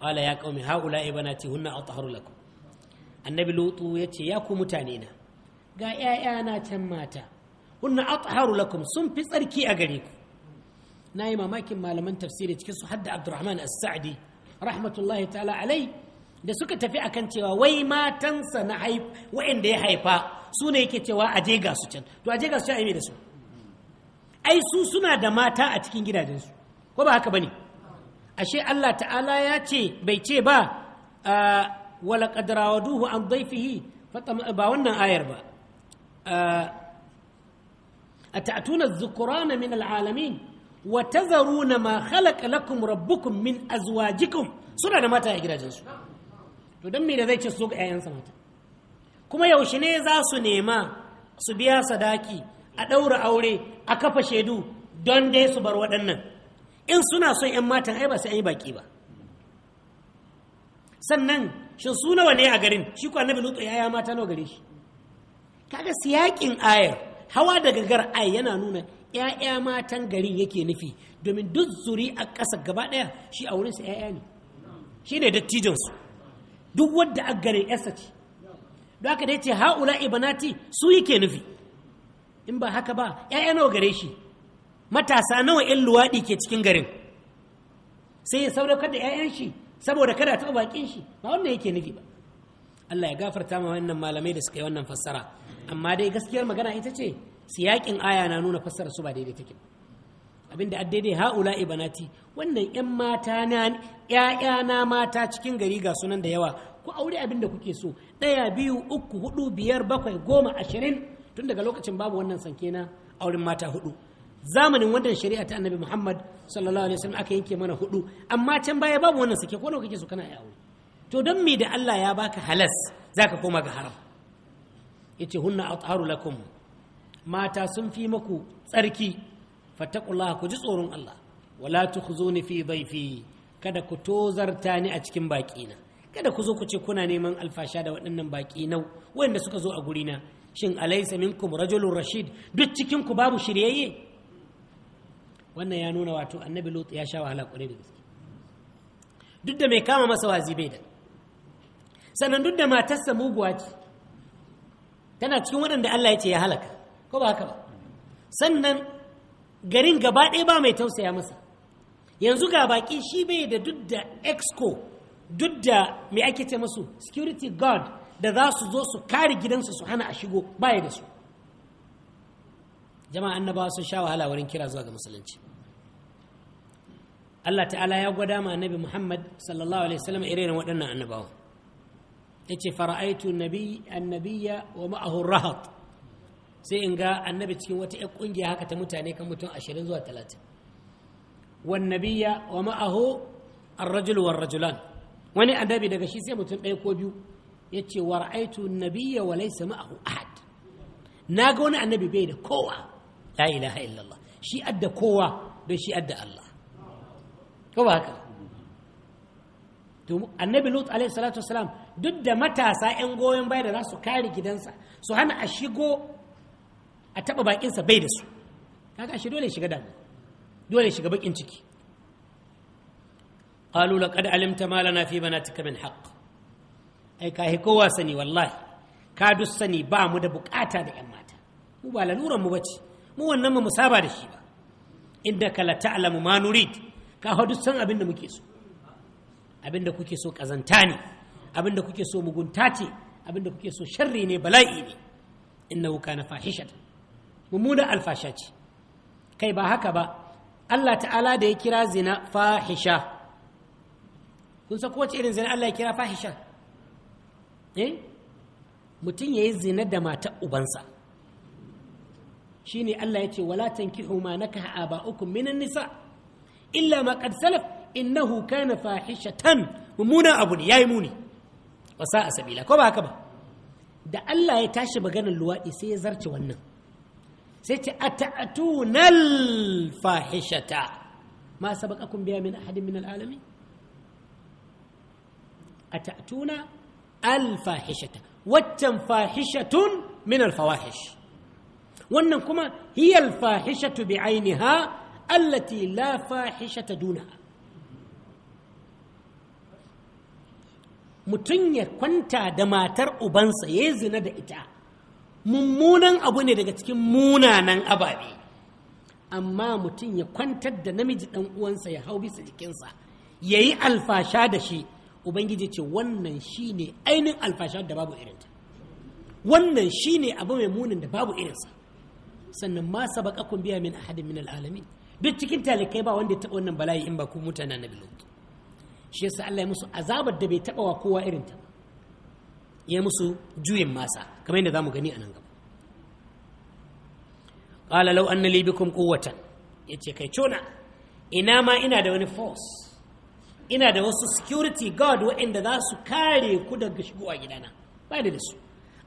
qala ya ha'ula haula'i banati hunna atahharu lakum annabi lutu ya ce ya ku mutane na ga 'ya'yana can mata hunna atharu lakum sun fi tsarki a gare ku na yi mamakin malaman tafsiri cikin su hadda abdurrahman as-sa'di rahmatullahi ta'ala alai da suka tafi akan cewa wai matansa na haif wa'anda ya haifa su ne yake cewa a je su can to a je ga su can da su ai su suna da mata a cikin gidajensu ko ba haka bane ashe Allah ta'ala ya ce bai ce ba ah, wala duhu an dhaifihi ba wannan ayar ba A tatuna zikurana min al'alami, wa tazaru na ma halaƙa lakum rabbu min azuwa jiku. Suna da mata aiki da adadu, to don mada zai ce su ka ƴaƴansa mata, kuma yaushe ne za su nema su biya sadaki a ɗaura aure a kafa shaidu don dai su bar waɗannan In suna son yan matan, ayi basu ƴan yi baƙi ba, sannan shi suna wa a garin, shi kowa na bi nutsu ya mata nawa gare shi. kaga siyakin ayar hawa da gagar ay yana nuna ‘ya'ya matan garin yake nufi domin duk zuri a ƙasa gaba ɗaya shi a wurinsa ‘ya'ya ne shi ne dattijansu duk wadda a gare ‘yarsa ce don haka dai ce ha'ula ibanati su yake nufi in ba haka ba ‘ya'ya nawa gare shi matasa nawa ‘yan luwaɗi ke cikin garin sai ya saurakar da ‘ya'yan shi saboda kada taɓa bakin shi ba wannan yake nufi ba Allah ya gafarta ma wannan malamai da suka yi wannan fassara amma dai gaskiyar magana ita ce siyakin aya na nuna fassara su ba daidai take abinda dai haula ibanati wannan yan mata na yaya na mata cikin gari ga sunan da yawa ku aure abinda kuke so ɗaya biyu uku hudu biyar bakwai goma ashirin tun daga lokacin babu wannan sanke na auren mata hudu zamanin wannan shari'a ta annabi muhammad sallallahu alaihi wasallam aka yanke mana hudu amma can baya babu wannan sanke ko nawa kake so kana aure to don me da Allah ya baka halas zaka koma ga haram yace hunna atharu lakum mata sun fi maku tsarki fattaqullaha ku ji tsoron Allah wala tukhzuni fi dhayfi kada ku tozarta ni a cikin na. kada ku zo ku ce kuna neman alfasha da waɗannan baƙi nau waɗanda suka zo a gurina shin alaisa minkum rajulun rashid duk cikin ku babu shiryayye wannan ya nuna wato annabi lut ya sha wahala ƙwarai da gaske duk da mai kama masa wazi bai da sannan duk da matarsa muguwa ce tana cikin waɗanda Allah ya ce ya halaka ko ba haka ba sannan garin gaba ɗaya ba mai tausaya masa yanzu ga baki shi bai da duk da exco duk da me ake ce masu security guard da za su zo su kare gidansu su hana a shigo baya da su jama'a annabawa sun sha wahala wurin kira zuwa ga musulunci Allah ta'ala ya gwada ma annabi Muhammad sallallahu alaihi wasallam irin waɗannan annabawa yace fara'aitu nabi annabiyya wa ma'ahu rahat sai in ga annabi cikin wata ƴan kungiya haka ta mutane kan mutum 20 zuwa 30 wan nabiyya wa ma'ahu ar-rajul war rajulan wani annabi daga shi sai mutum ɗaya ko biyu yace wa ra'aitu nabiyya wa laysa ma'ahu ahad na ga wani annabi bai da kowa la ilaha illallah shi adda kowa bai shi adda Allah ko ba haka to annabi lut alaihi salatu wassalam duk da matasa 'yan goyon baya da za su kare gidansa su hana a shigo a taɓa bakinsa bai da su kaga shi dole shiga damu dole shiga bakin ciki qalu ƙada alimta ma lana fi tuka min haqq ai ka hi kowa sani wallahi ka dus sani ba mu da buƙata da yan mata mu ba laluran mu bace mu wannan mu saba da shi ba inda ka la ta'lamu ma nurid ka hadu san abin muke so abin kuke so kazanta ne abin da kuke so mugunta ce abin da kuke so sharri ne bala'i ne innahu kana fahishat mummuna alfasha ce kai ba haka ba Allah ta'ala da ya kira zina fahisha kun san kowace irin zina Allah ya kira fahisha eh mutum yayi zina da matar ubansa shine Allah ya ce wala tankihu ma nakaha aba'ukum minan nisa illa ma qad salaf innahu kana fahishatan mumuna abu ne yayi muni wa a sabila ko ba haka ba da Allah ya tashi maganar luwaɗi sai ya zarce wannan sai ce ata'tunal fahishata ma akun biya min ahadin min alalamin ata'tuna al fahishata waccan fahishatun min al wannan kuma hiyal fahishatu bi ainiha allati la fahishata dunaha mutum ya kwanta da matar ubansa ya zina da ita mummunan abu ne daga cikin munanan ababe amma mutum ya kwantar da namiji ɗan uwansa ya hau bisa jikinsa ya yi alfasha da shi ubangiji ce wannan shi ne ainihin alfasha da babu irinta wannan shi ne abu mai munin da babu irinsa sannan ma sabaka kun biya min ahadin min al'alamin duk cikin talikai ba wanda ya taɓa wannan bala'i in ba ku mutanen na lutu shi yasa Allah ya musu azabar da bai taba wa kowa irin ta ya musu juyin masa kamar yadda zamu gani a nan gaba qala law anna li bikum quwwatan yace kai cona ina ma ina da wani force ina da wasu security guard waɗanda za su kare ku daga shigowa gidana ba da su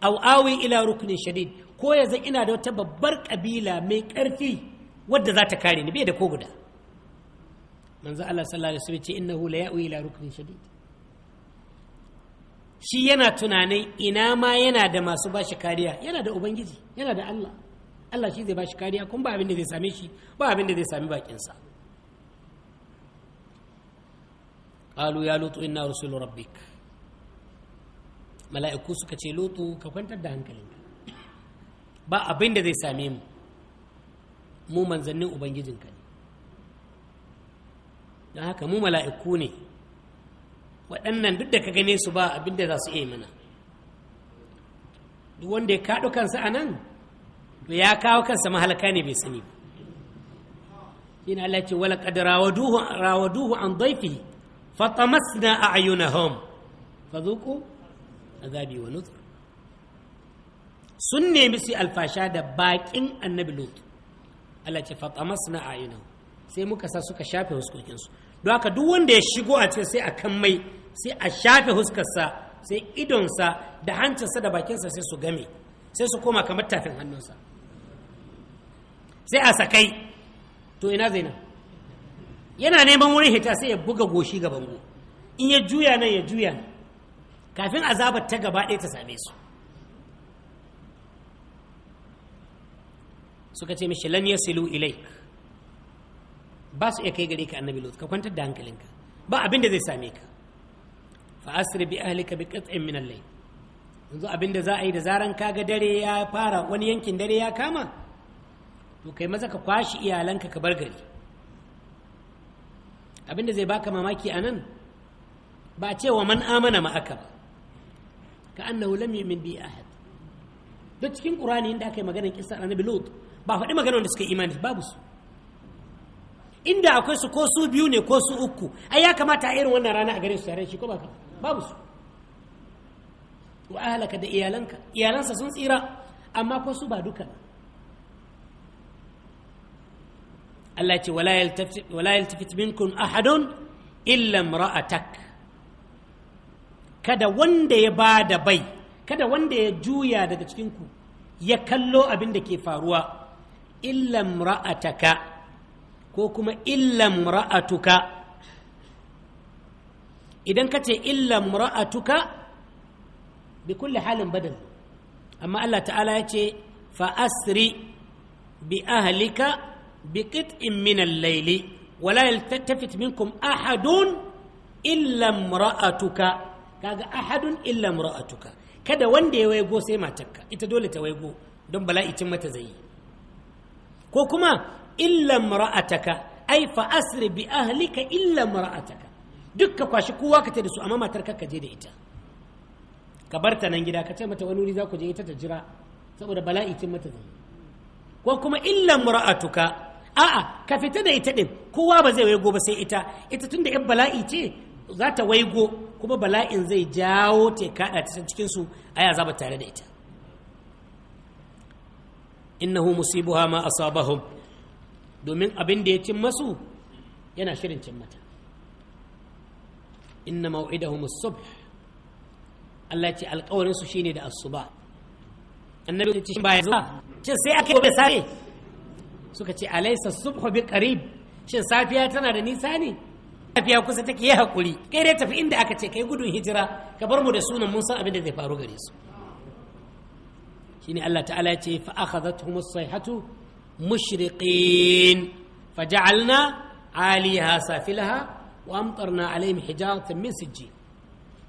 aw awi ila rukunin shadid ko yanzu ina da wata babbar kabila mai karfi wadda za ta kare ni bai da ko guda manzo Allah sallallahu alaihi wasallam ce innahu la ya'wi ila ruknin shadid shi yana tunanin ina ma yana da masu bashi kariya yana da ubangiji yana da Allah Allah shi zai bashi kariya kuma ba abin da zai same shi ba abin da zai sami sa qalu ya lutu inna rusul rabbik mala'iku suka ce lutu ka kwantar da hankalinka ba abin da zai same mu mu manzannin ubangijinka ne don haka mu mala'iku ne waɗannan duk da ka gane su ba abin da za su iya mana duk wanda ya kaɗo kansa a nan ya kawo kansa mahalaka ne bai sani yana Allah ce wala qad rawaduhu rawaduhu an dayfihi fatamasna a'yunahum fadhuqu azabi wa nuzur sun nemi su alfasha da bakin annabi lut Allah ce a a'yunahum sai muka sa suka shafe wasu huskokinsu don haka duk wanda ya shigo a cikin sai a kan mai sai a shafe huskarsa sai idonsa da hancinsa da bakinsa sai su game sai su koma kamar tafin hannunsa sai a sakai to ina zai nan yana neman wurin hita sai ya buga goshi ga bango in ya juya nan ya juya kafin azaba ta gaba ɗaya ta same su suka ce mishi lan yasilu ilaik ba su iya kai gare ka annabi lut ka kwantar da hankalinka ba abin da zai same ka fa asri bi ahlika bi qat'in min al-layl yanzu abin da za a yi da zaran kaga dare ya fara wani yankin dare ya kama to kai maza ka kwashi iyalanka ka bar gari abin da zai baka mamaki a nan ba cewa man amana ma'aka ba ka annahu lam yu'min bi ahad duk cikin qur'ani inda aka yi maganar kissa annabi lut ba faɗi maganar da suka imani babu su inda akwai su ko su biyu ne ko su uku ai ya kamata irin wannan rana a gare su tare shi ko ba babu su wa ahlaka da iyalanka iyalansa sun tsira amma ko su ba duka Allah ce wala yaltafit wala yaltafit minkum ahadun illa imra'atak kada wanda ya bada bai kada wanda ya juya daga cikin ku ya kallo abin da ke faruwa illa imra'ataka ko kuma illam ra'atuka idan ka ce illam ra'atuka bi kulli halin badal amma Allah ta'ala ya ce fa asri bi ahlika bi qit'in min al-layli wa la yaltafit minkum ahadun illa ra'atuka kaga ahadun illa ra'atuka kada wanda ya waigo sai matarka ita dole ta waigo don bala'i cin mata zai ko kuma illa mar'ataka ai fa asri bi ahlika illa mar'ataka dukka kwashi kowa ka da su amma matar ka je da ita ka bar ta nan gida ka ce mata wani wuri za ku je ita ta jira saboda bala'i cin mata zai ko kuma illa mar'atuka a'a ka fita da ita din kowa ba zai waigo ba sai ita ita tunda yan bala'i ce za ta waigo kuma bala'in zai jawo ta kada ta cikin su aya za ba tare da ita innahu musibuha ma asabahum domin abin da ya cin masu yana shirin cin mata inna mau'idahum as Allah ce alƙawarin su shine da asuba annabi ya ce ba ya zuwa ce sai ake gobe sare suka ce alaysa as-subhu bi qarib shin safiya tana da nisa ne safiya kusa take yi hakuri kai dai tafi inda aka ce kai gudun hijira ka bar mu da sunan mun san abin da zai faru gare su shine Allah ta'ala ya ce fa akhadhatuhum as-sayhatu مشرقين فجعلنا عاليها سافلها وأمطرنا عليهم حجارة من سجين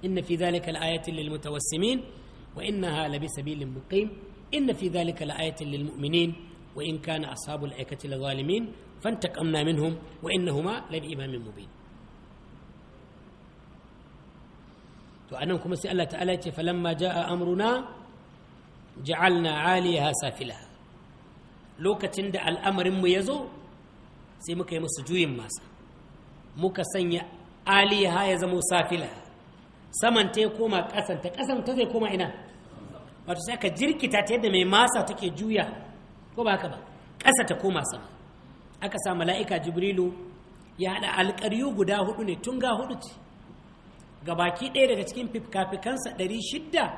إن في ذلك لآية للمتوسمين وإنها لبسبيل مقيم إن في ذلك لآية للمؤمنين وإن كان أصحاب الأيكة لظالمين فانتقمنا منهم وإنهما لبإمام مبين وأنكم سألت ألاتي فلما جاء أمرنا جعلنا عاليها سافلها lokacin da al'amarinmu ya zo sai muka yi musu juyin masa muka sanya aliha ya zama safila saman ta ya koma ƙasan ta ƙasan ta zai koma ina wato sai ka jirkita ta yadda mai masa take juya ko ba haka ba ƙasa ta koma sama aka sa mala'ika jibrilu ya haɗa alƙaryu guda hudu ne tun ga hudu ce ga baki ɗaya daga cikin fikafikansa ɗari shidda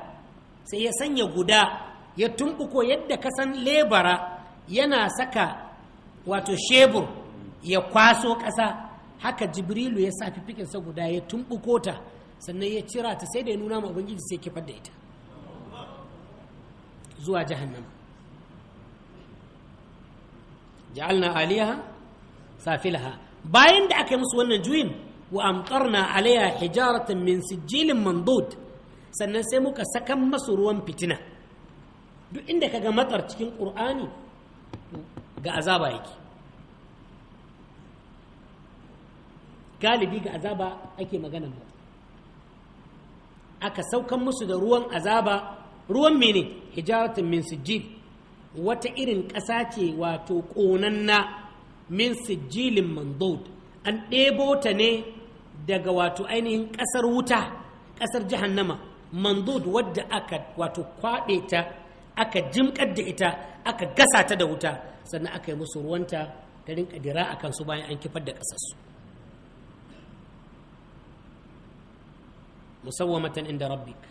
sai ya sanya guda ya tumɓuko yadda kasan lebara yana saka wato shebur ya kwaso ƙasa haka jibrilu ya sa fifikinsa guda ya tumbuko ta sannan ya cira ta sai da ya nuna ma ubangiji sai kifar da ita zuwa jahannama ja'alna aliyaha safilaha bayan da aka yi musu wannan juyin wa amtarna alaiha hijaratan min sijilin mandud sannan sai muka sakan masu ruwan fitina duk inda kaga matsar cikin qur'ani ga azaba yake galibi ga azaba ake maganan ba aka saukan musu da ruwan azaba ruwan mene hijaratun min sijil wata irin ƙasa ce wato ƙonanna min sijilin mandod an ɗebo ta ne daga wato ainihin ƙasar wuta ƙasar nama mandod wadda aka wato kwaɗe ta aka jimkar da ita aka gasa ta da wuta sannan aka yi musu ruwanta ta rinka dira a kansu bayan an kifar da ƙasarsu musawwamatan inda rabbik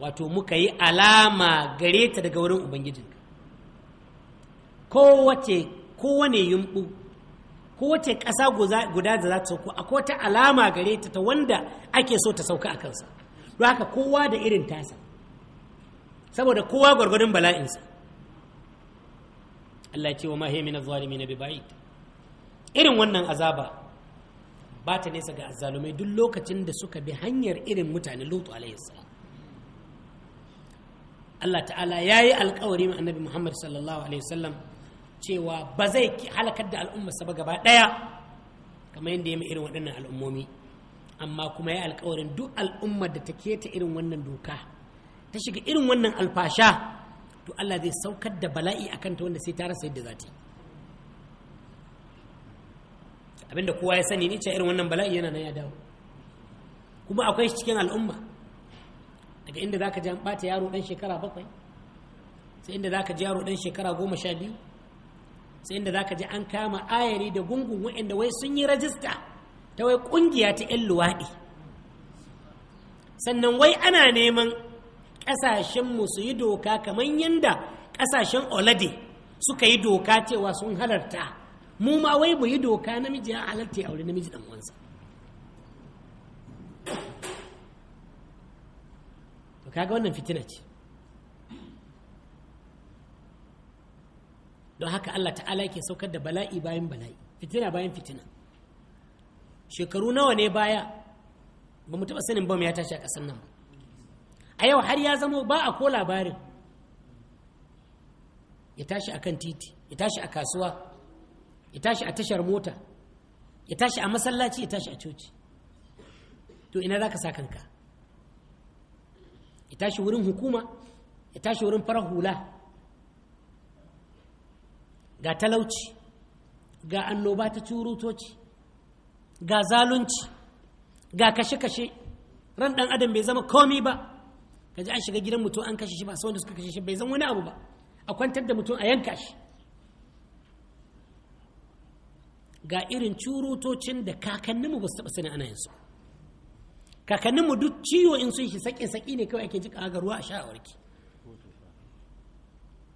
wato muka yi alama gare ta daga wurin ubangijin kowace kowane yumɓu kowace ƙasa guda da za ta sauko akwai wata alama gare ta ta wanda ake so ta sauka a kansa don haka kowa da irin tasa saboda kowa gwargwadon bala'insa Allah ce wa ma hiya min adh bi ba'id irin wannan azaba ba ta nesa ga azzalumai duk lokacin da suka bi hanyar irin mutane Lutu alaihi Allah ta'ala yayi alƙawari ma Annabi Muhammad sallallahu alaihi wasallam cewa ba zai halakar da al'ummarsa ba gaba ɗaya kamar yadda ya yi irin waɗannan al'ummomi amma kuma ya alƙawarin duk al'ummar da ta keta irin wannan doka ta shiga irin wannan alfasha to Allah zai saukar da bala'i a kanta wanda sai ta rasa yadda za ta yi abinda kowa ya sani ne cewa irin wannan bala'i yana nan ya dawo kuma akwai shi cikin al'umma daga inda ka ji an bata yaro dan shekara bakwai sai inda za ka ji yaro dan shekara goma sha biyu sai inda za ka ji an kama ayari da gungun waɗanda wai sun yi rajista ta wai ƙungiya ta 'yan luwaɗi sannan wai ana neman ƙasashenmu su yi doka kamar yadda ƙasashen olade suka yi doka cewa sun halarta mu ma wai mu yi doka namiji ya halarta ya aure namiji dan uwansa to kaga wannan fitina ce don haka Allah ta'ala yake saukar da bala'i bayan bala'i fitina bayan fitina shekaru nawa ne baya ba mu taɓa sanin bam ya tashi a ƙasar nan ba a yau har ya zama ba a ko labarin ya tashi a kan titi ya tashi a kasuwa ya tashi a tashar mota ya tashi a masallaci ya tashi a coci to ina za ka sa kanka ya tashi wurin hukuma ya tashi wurin farar hula ga talauci ga annoba ta curutoci ga zalunci ga kashe-kashe ran ɗan adam bai zama komi ba ka ji an shiga gidan mutum an kashe shi ba wanda suka kashe shi bai zan wani abu ba a kwantar da mutum a yanka shi ga irin curutocin da kakanninmu ba su taɓa sani ana yanzu kakanninmu duk ciwo in sun shi saƙin saƙi ne kawai ake ji ga ruwa a sha a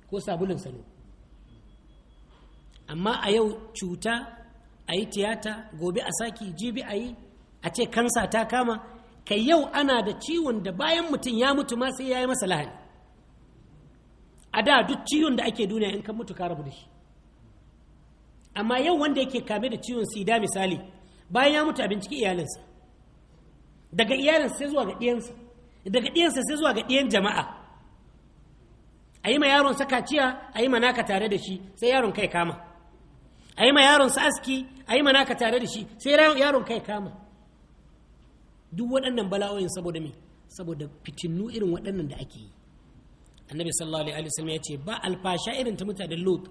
ko sabulun salo amma a yau cuta a yi tiyata gobe a saki jibi a yi a ce kansa ta kama kai yau ana da ciwon da bayan mutum ya mutu ma sai ya yi masa lahani a da duk ciwon da ake duniya in kan mutu ka rabu da shi amma yau wanda yake kame da ciwon sida misali bayan ya mutu a binciki iyalinsa daga iyalinsa sai zuwa ga ɗiyansa daga ɗiyansa sai zuwa ga ɗiyan jama'a a yi ma yaron sa kaciya a yi ma naka tare da shi sai yaron kai kama a yi ma yaron sa aski a yi ma naka tare da shi sai yaron kai kama duk waɗannan bala'o'in saboda me saboda fitinu irin waɗannan da ake yi annabi sallallahu alaihi wasallam ya ce ba alfasha irin ta mutanen lot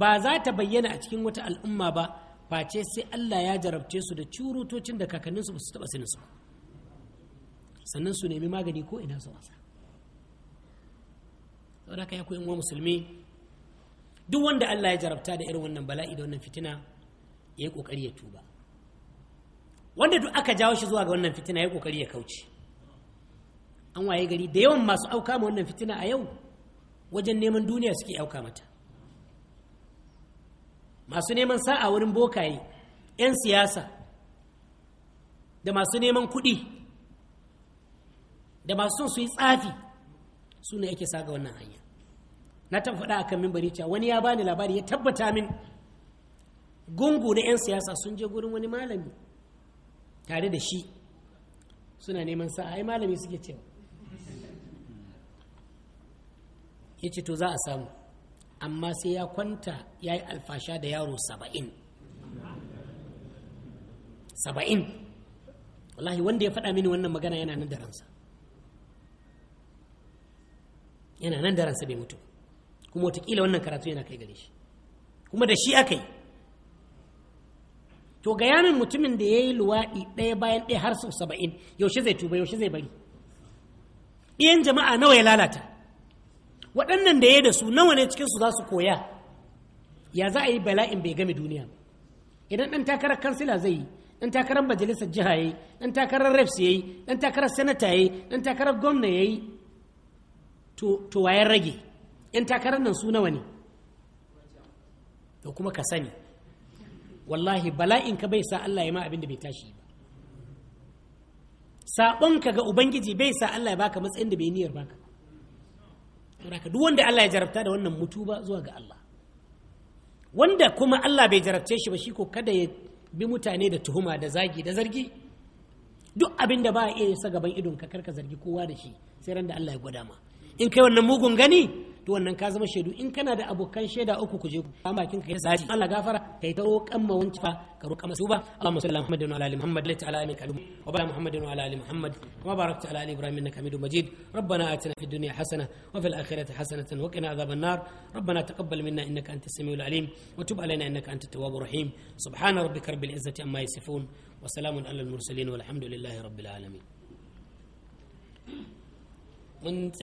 ba za ta bayyana a cikin wata al'umma ba face sai Allah ya jarabce su da curutocin da kakanninsu su su taɓa sanin su sannan su nemi magani ko ina su wasa saboda haka ya koyi wa musulmi duk wanda Allah ya jarabta da irin wannan bala'i da wannan fitina ya yi ƙoƙari ya tuba wanda duk aka jawo shi zuwa ga wannan fitina ya kokari ya kauce an waye gari da yawan masu auka ma wannan fitina a yau wajen neman duniya suke auka mata masu neman sa'a wurin bokaye 'yan siyasa da masu neman kuɗi da masu son su yi tsafi su ne ake ga wannan hanya na ta faɗa akan mimbari cewa wani ya bani labari ya tabbata min gungu na 'yan siyasa sun je gurin wani malami tare da shi suna neman sa'a ai malami suke cewa ya ce to za a samu amma sai ya kwanta ya yi alfasha da yaro saba'in saba'in wallahi wanda ya faɗa mini wannan magana yana nan da ransa yana nan da ransa bai mutu kuma watakila wannan karatu yana kai gare shi kuma da shi aka yi to ga yanin mutumin da ya yi luwaɗi ɗaya bayan ɗaya har sau saba'in yaushe zai tuba yaushe zai bari iyan jama'a nawa ya lalata waɗannan da ya da su nawa ne cikinsu za su koya ya za a yi bala'in bai gami duniya idan ɗan takarar kansila zai yi ɗan takarar majalisar jiha ya yi ɗan takarar reps ya yi ɗan takarar senata ya yi ɗan takarar gwamna ya yi to wayan rage ɗan takarar nan su nawa ne da kuma ka sani wallahi bala'in ka bai sa Allah ya ma abin da bai tashi ba sabon ka ga ubangiji bai sa Allah ya baka matsayin da bai niyyar baka saboda duk wanda Allah ya jarabta da wannan mutu ba zuwa ga Allah wanda kuma Allah bai jarabce shi ba shi ko kada ya bi mutane da tuhuma da zagi da zargi duk abin da ba a iya sa gaban idon ka karka zargi kowa da shi sai randa da Allah ya gwada ma in kai wannan mugun gani to wannan ka zama shaidu in kana da abokan shaida uku ku je ku kama bakin ka zaji Allah gafara kai ta roƙan ma wanci fa ka roƙa masu ba Allahumma salli ala wa ali Muhammad lati ala amin kalum wa bala wa ali Muhammad wa barakta ala ali Ibrahim innaka Hamidum Majid rabbana atina fid dunya hasana wa fil akhirati hasanatan wa qina adhaban nar rabbana taqabbal minna innaka antas samiul alim wa tub alaina innaka antat tawwabur rahim subhana rabbika rabbil izzati amma yasifun wa salamun ala al mursalin rabbil alamin mun